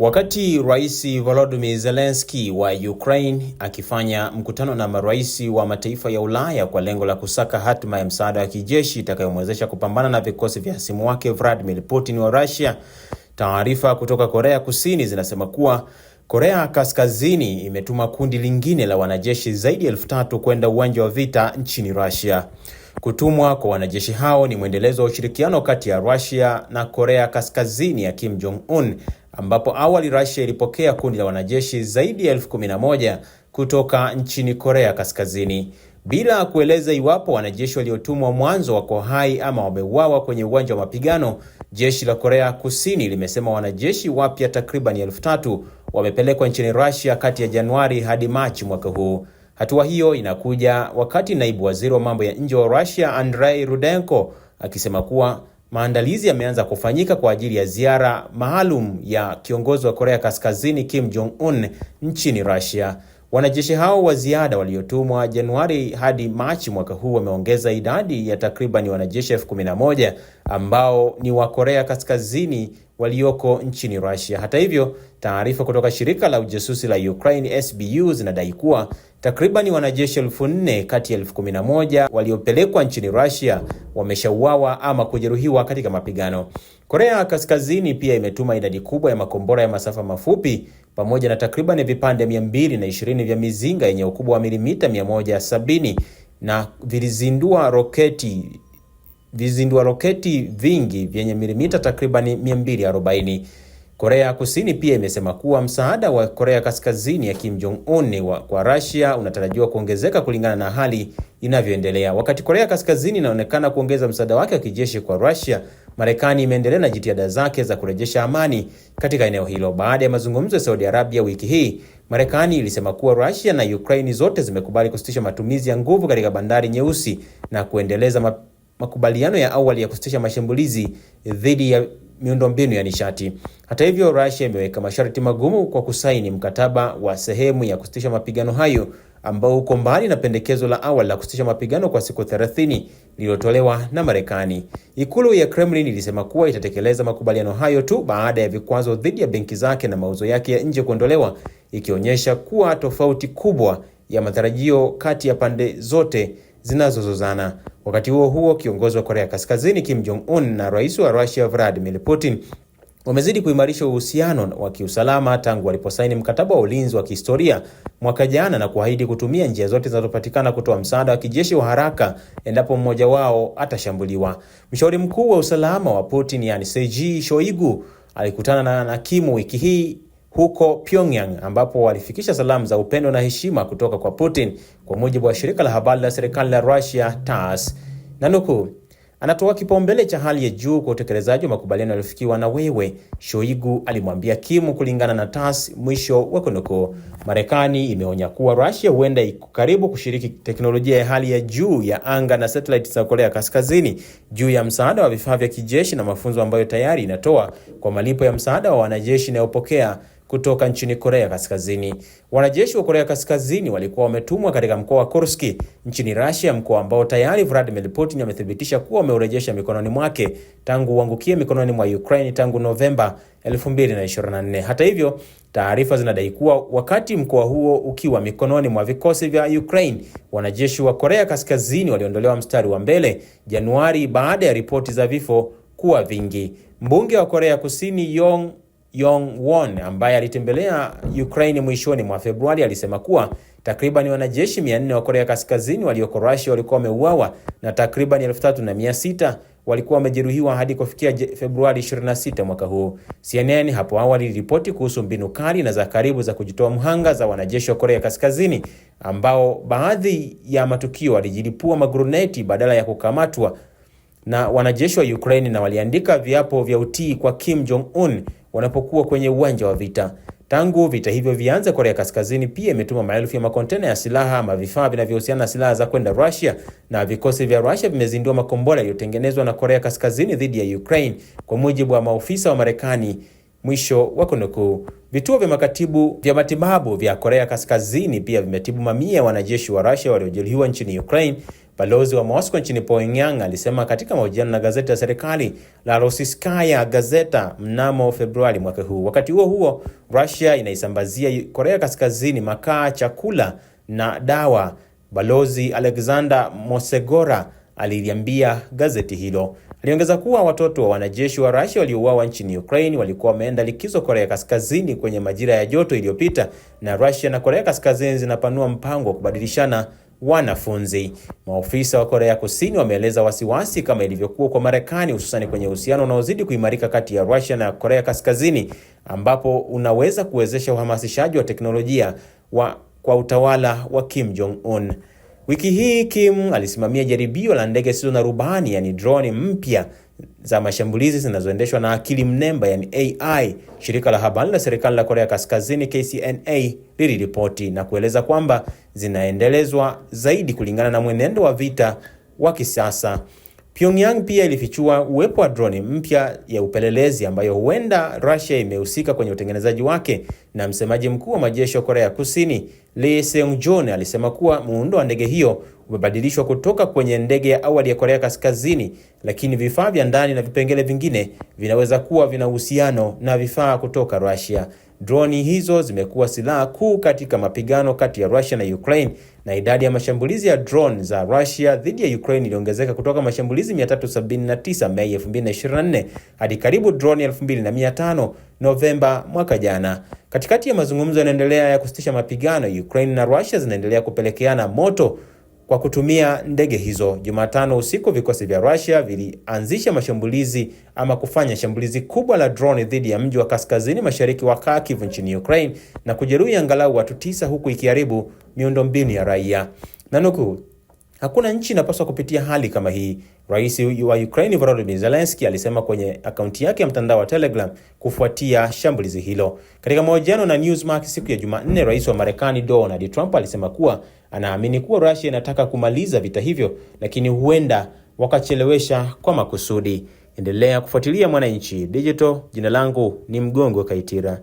Wakati Rais Volodymyr Zelensky wa Ukraine akifanya mkutano na marais wa mataifa ya Ulaya kwa lengo la kusaka hatima ya msaada wa kijeshi itakayomwezesha kupambana na vikosi vya hasimu wake Vladimir Putin wa Russia, taarifa kutoka Korea Kusini zinasema kuwa Korea Kaskazini imetuma kundi lingine la wanajeshi zaidi ya elfu tatu kwenda uwanja wa vita nchini Russia. Kutumwa kwa wanajeshi hao ni mwendelezo wa ushirikiano kati ya Russia na Korea Kaskazini ya Kim Jong Un ambapo awali Russia ilipokea kundi la wanajeshi zaidi ya elfu kumi na moja kutoka nchini Korea Kaskazini bila kueleza iwapo wanajeshi waliotumwa mwanzo wako hai ama wameuawa kwenye uwanja wa mapigano. Jeshi la Korea Kusini limesema wanajeshi wapya takriban elfu tatu wamepelekwa nchini Russia kati ya Januari hadi Machi mwaka huu. Hatua hiyo inakuja wakati naibu waziri wa mambo ya nje wa Russia Andrei Rudenko akisema kuwa Maandalizi yameanza kufanyika kwa ajili ya ziara maalum ya kiongozi wa Korea Kaskazini Kim Jong Un nchini Russia. Wanajeshi hao wa ziada waliotumwa Januari hadi Machi mwaka huu wameongeza idadi ya takribani wanajeshi elfu kumi na moja ambao ni wa Korea Kaskazini walioko nchini Russia. Hata hivyo, taarifa kutoka shirika la ujasusi la Ukraine SBU zinadai kuwa takribani wanajeshi elfu nne kati ya elfu kumi na moja waliopelekwa nchini Russia wameshauawa ama kujeruhiwa katika mapigano. Korea Kaskazini pia imetuma idadi kubwa ya makombora ya masafa mafupi pamoja na takriban vipande 220 vya mizinga yenye ukubwa wa milimita 170 na vilizindua roketi vizindua roketi vingi vyenye milimita takribani 240. Korea Kusini pia imesema kuwa msaada wa Korea Kaskazini ya Kim Jong Un kwa Russia unatarajiwa kuongezeka kulingana na hali inavyoendelea. Wakati Korea Kaskazini inaonekana kuongeza msaada wake wa kijeshi kwa Russia, Marekani imeendelea na jitihada zake za kurejesha amani katika eneo hilo. Baada ya mazungumzo ya Saudi Arabia wiki hii, Marekani ilisema kuwa Russia na Ukraine zote zimekubali kusitisha matumizi ya nguvu katika bandari nyeusi na kuendeleza makubaliano ya awali ya kusitisha mashambulizi dhidi ya miundombinu ya nishati. Hata hivyo, Russia imeweka masharti magumu kwa kusaini mkataba wa sehemu ya kusitisha mapigano hayo ambao uko mbali na pendekezo la awali la kusitisha mapigano kwa siku 30 lililotolewa na Marekani. Ikulu ya Kremlin ilisema kuwa itatekeleza makubaliano hayo tu baada ya vikwazo dhidi ya benki zake na mauzo yake ya nje kuondolewa, ikionyesha kuwa tofauti kubwa ya matarajio kati ya pande zote zinazozozana. Wakati huo huo, kiongozi wa Korea Kaskazini Kim Jong Un na rais wa Russia Vladimir Putin wamezidi kuimarisha uhusiano wa kiusalama tangu waliposaini mkataba wa ulinzi wa kihistoria mwaka jana na kuahidi kutumia njia zote zinazopatikana kutoa msaada wa kijeshi wa haraka endapo mmoja wao atashambuliwa. Mshauri mkuu wa usalama wa Putin, yani Sergei Shoigu, alikutana na Kim wiki hii huko Pyongyang ambapo walifikisha salamu za upendo na heshima kutoka kwa Putin, kwa mujibu wa shirika la habari la serikali la Russia TASS, na nukuu, anatoa kipaumbele cha hali ya juu kwa utekelezaji wa makubaliano yaliyofikiwa na wewe, Shoigu alimwambia Kim, kulingana na TASS, mwisho wa kunukuu. Marekani imeonya kuwa Russia huenda iko karibu kushiriki teknolojia ya hali ya juu ya anga na satellite za Korea Kaskazini juu ya msaada wa vifaa vya kijeshi na mafunzo ambayo tayari inatoa kwa malipo ya msaada wa wanajeshi inayopokea kutoka nchini Korea Kaskazini. Wanajeshi wa Korea Kaskazini walikuwa wametumwa katika mkoa wa Kursk nchini Russia, mkoa ambao tayari Vladimir Putin amethibitisha kuwa ameurejesha mikononi mwake tangu uangukie mikononi mwa Ukraine tangu Novemba 2024. Hata hivyo, taarifa zinadai kuwa wakati mkoa huo ukiwa mikononi mwa vikosi vya Ukraine, wanajeshi wa Korea Kaskazini waliondolewa mstari wa mbele Januari baada ya ripoti za vifo kuwa vingi. Mbunge wa Korea Kusini Yong Yong-won ambaye alitembelea Ukraine mwishoni mwa Februari alisema kuwa takriban wanajeshi 400 wa Korea Kaskazini walioko Russia walikuwa wameuawa na takriban 3600 walikuwa wamejeruhiwa hadi kufikia Februari 26 mwaka huu. CNN hapo awali iliripoti kuhusu mbinu kali na za karibu za kujitoa mhanga za wanajeshi wa Korea Kaskazini ambao baadhi ya matukio walijilipua maguruneti badala ya kukamatwa na wanajeshi wa Ukraine na waliandika viapo vya utii kwa Kim Jong Un wanapokuwa kwenye uwanja wa vita. Tangu vita hivyo vianze, Korea Kaskazini pia imetuma maelfu ya makontena ya silaha ama vifaa vinavyohusiana na silaha za kwenda Russia, na vikosi vya Russia vimezindua makombora yaliyotengenezwa na Korea Kaskazini dhidi ya Ukraine, kwa mujibu wa maofisa wa Marekani. Mwisho wa kunukuu. Vituo vya makatibu vya matibabu vya Korea Kaskazini pia vimetibu mamia ya wanajeshi wa Russia waliojeruhiwa nchini Ukraine, balozi wa Moscow nchini Pyongyang alisema katika mahojiano na gazeti la serikali la Rossiyskaya Gazeta mnamo Februari mwaka huu. Wakati huo huo, Russia inaisambazia Korea Kaskazini makaa, chakula na dawa, balozi Alexander Mosegora aliliambia gazeti hilo. Aliongeza kuwa watoto wa wanajeshi wa Russia waliouawa nchini Ukraine walikuwa wameenda likizo Korea Kaskazini kwenye majira ya joto iliyopita, na Russia na Korea Kaskazini zinapanua mpango wa kubadilishana wanafunzi. Maofisa wa Korea Kusini wameeleza wasiwasi kama ilivyokuwa kwa Marekani, hususani kwenye uhusiano unaozidi kuimarika kati ya Russia na Korea Kaskazini, ambapo unaweza kuwezesha uhamasishaji wa teknolojia wa kwa utawala wa Kim Jong Un. Wiki hii Kim alisimamia jaribio la ndege zisizo na rubani yani droni mpya za mashambulizi zinazoendeshwa na akili mnemba yani AI, shirika la habari la serikali la Korea Kaskazini KCNA liliripoti na kueleza kwamba zinaendelezwa zaidi kulingana na mwenendo wa vita wa kisasa. Pyongyang pia ilifichua uwepo wa droni mpya ya upelelezi ambayo huenda Russia imehusika kwenye utengenezaji wake, na msemaji mkuu wa majeshi ya Korea Kusini Lee Seung-joon alisema kuwa muundo wa ndege hiyo umebadilishwa kutoka kwenye ndege ya awali ya Korea Kaskazini, lakini vifaa vya ndani na vipengele vingine vinaweza kuwa vina uhusiano na vifaa kutoka Russia. Droni hizo zimekuwa silaha kuu katika mapigano kati ya Russia na Ukraine, na idadi ya mashambulizi ya drone za Russia dhidi ya Ukraine iliongezeka kutoka mashambulizi 379 Mei 2024 hadi karibu drone 2500 Novemba mwaka jana. Katikati ya mazungumzo yanaendelea ya kusitisha mapigano, Ukraine na Russia zinaendelea kupelekeana moto kwa kutumia ndege hizo. Jumatano usiku vikosi vya Russia vilianzisha mashambulizi ama kufanya shambulizi kubwa la drone dhidi ya mji wa kaskazini mashariki wa Kharkiv nchini Ukraine na kujeruhi angalau watu tisa huku ikiharibu miundombinu ya raia. Nanuku, hakuna nchi inapaswa kupitia hali kama hii, Rais wa Ukraine Volodymyr Zelensky alisema kwenye akaunti yake ya mtandao wa Telegram kufuatia shambulizi hilo. Katika mahojiano na Newsmax siku ya Jumanne, Rais wa Marekani Donald Trump alisema kuwa Anaamini kuwa Russia inataka kumaliza vita hivyo, lakini huenda wakachelewesha kwa makusudi. Endelea kufuatilia Mwananchi Digital. Jina langu ni Mgongo Kaitira.